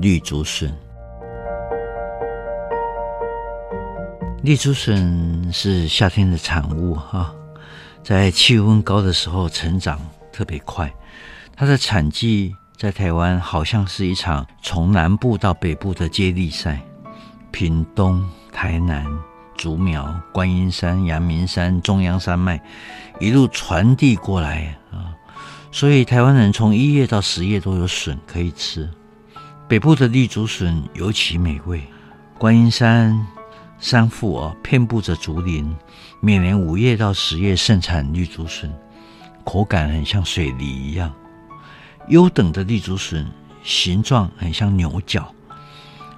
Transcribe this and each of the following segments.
綠竹筍，綠竹筍是夏天的產物哈，在氣溫高的時候成長特別快。它的產季在台灣好像是一場從南部到北部的接力賽，屏東、台南、竹苗、觀音山、陽明山、中央山脈一路傳遞過來啊，所以台灣人從一月到十月都有筍可以吃。北部的綠竹筍尤其美味。觀音山山腹啊，遍布着竹林，每年五月到十月盛產綠竹筍，口感很像水梨一樣。優等的綠竹筍形狀很像牛角，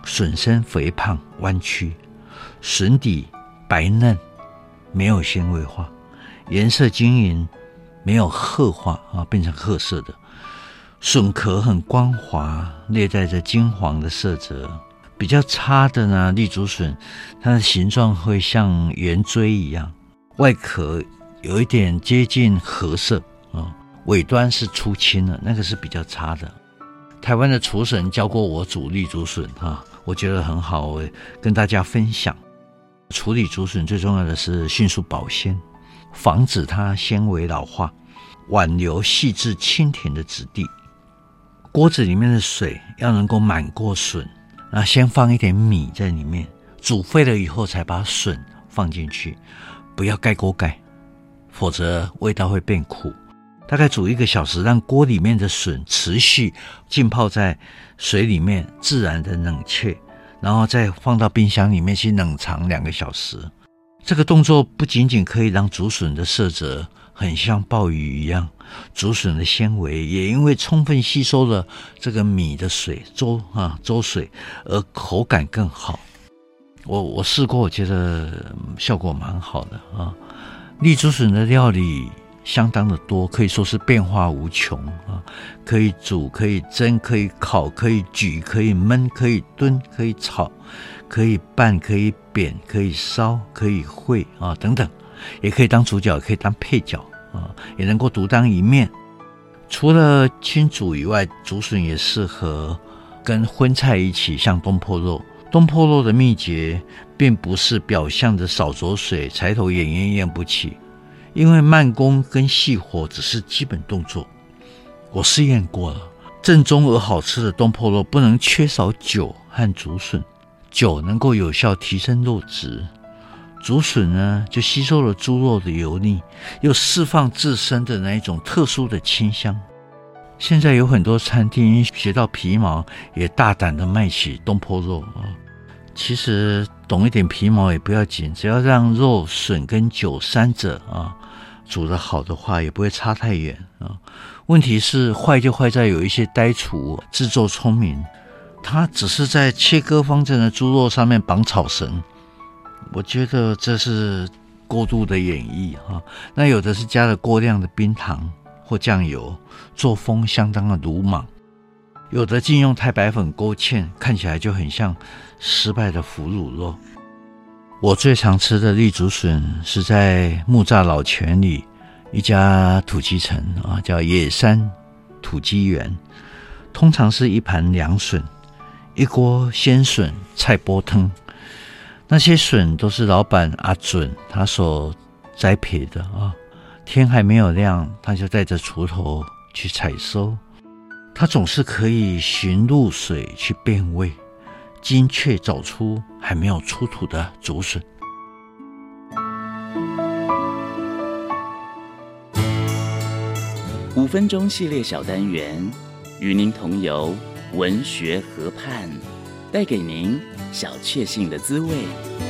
筍身肥胖彎曲，筍底白嫩，沒有纖維化，顏色晶瑩，沒有褐化啊，變成褐色的。筍殼很光滑，略帶着金黃的色澤。比較差的呢，綠竹筍，它的形狀會像圓錐一樣，外殼有一點接近褐色，啊，尾端是出青了，那個是比較差的。台灣的廚神教過我煮綠竹筍，哈，我覺得很好哎，跟大家分享。處理竹筍最重要的是迅速保鮮，防止它纖維老化，挽留細緻清甜的質地。鍋子裡面的水要能夠滿過筍，然後先放一點米在裡面，煮沸了以後才把筍放進去，不要蓋鍋蓋，否則味道會變苦。大概煮一個小時，讓鍋裡面的筍持續浸泡在水裡面，自然的冷卻，然後再放到冰箱裡面去冷藏兩個小時。這個動作不僅僅可以讓竹筍的色澤，很像鮑魚一樣，竹筍的纖維也因為充分吸收了這個米的水粥啊粥水，而口感更好。我我試過，我覺得效果蠻好的啊。綠竹筍的料理相當的多，可以說是變化無窮啊。可以煮，可以蒸，可以烤，可以焗，可以燜，可以燉，可以炒，可以拌，可以煸，可以燒，可以燴啊等等。也可以當主角，也可以當配角啊、呃，也能夠獨當一面。除了清煮以外，竹筍也適合跟葷菜一起，像東坡肉。東坡肉的秘訣，並不是表象的少著水，柴頭罨煙焰不起。因為慢工跟細火只是基本動作。我試驗過了，正宗而好吃的東坡肉不能缺少酒和竹筍。酒能夠有效提升肉質。竹筍呢，就吸收了豬肉的油膩，又釋放自身的那一種特殊的清香。現在有很多餐廳學到皮毛，也大膽的賣起東坡肉啊。其實懂一點皮毛也不要緊，只要讓肉、筍跟酒三者啊煮得好的話，也不會差太遠啊。問題是壞就壞在有一些呆廚自作聰明，他只是在切割方正的豬肉上面綁草繩。我覺得這是過度的演繹哈，那有的是加了過量的冰糖或醬油，作風相當的魯莽；有的竟用太白粉勾芡，看起來就很像失敗的腐乳肉。我最常吃的綠竹筍是在木柵老泉里一家土雞城啊，叫野山土雞園，通常是一盤涼筍，一鍋鮮筍菜脯湯。那些筍都是老闆阿准他所栽培的啊！天還沒有亮，他就帶着鋤頭去採收。他總是可以循露水去辨味，精確找出還沒有出土的竹筍。五分鐘系列小單元，與您同遊文學河畔。帶給您小確幸的滋味。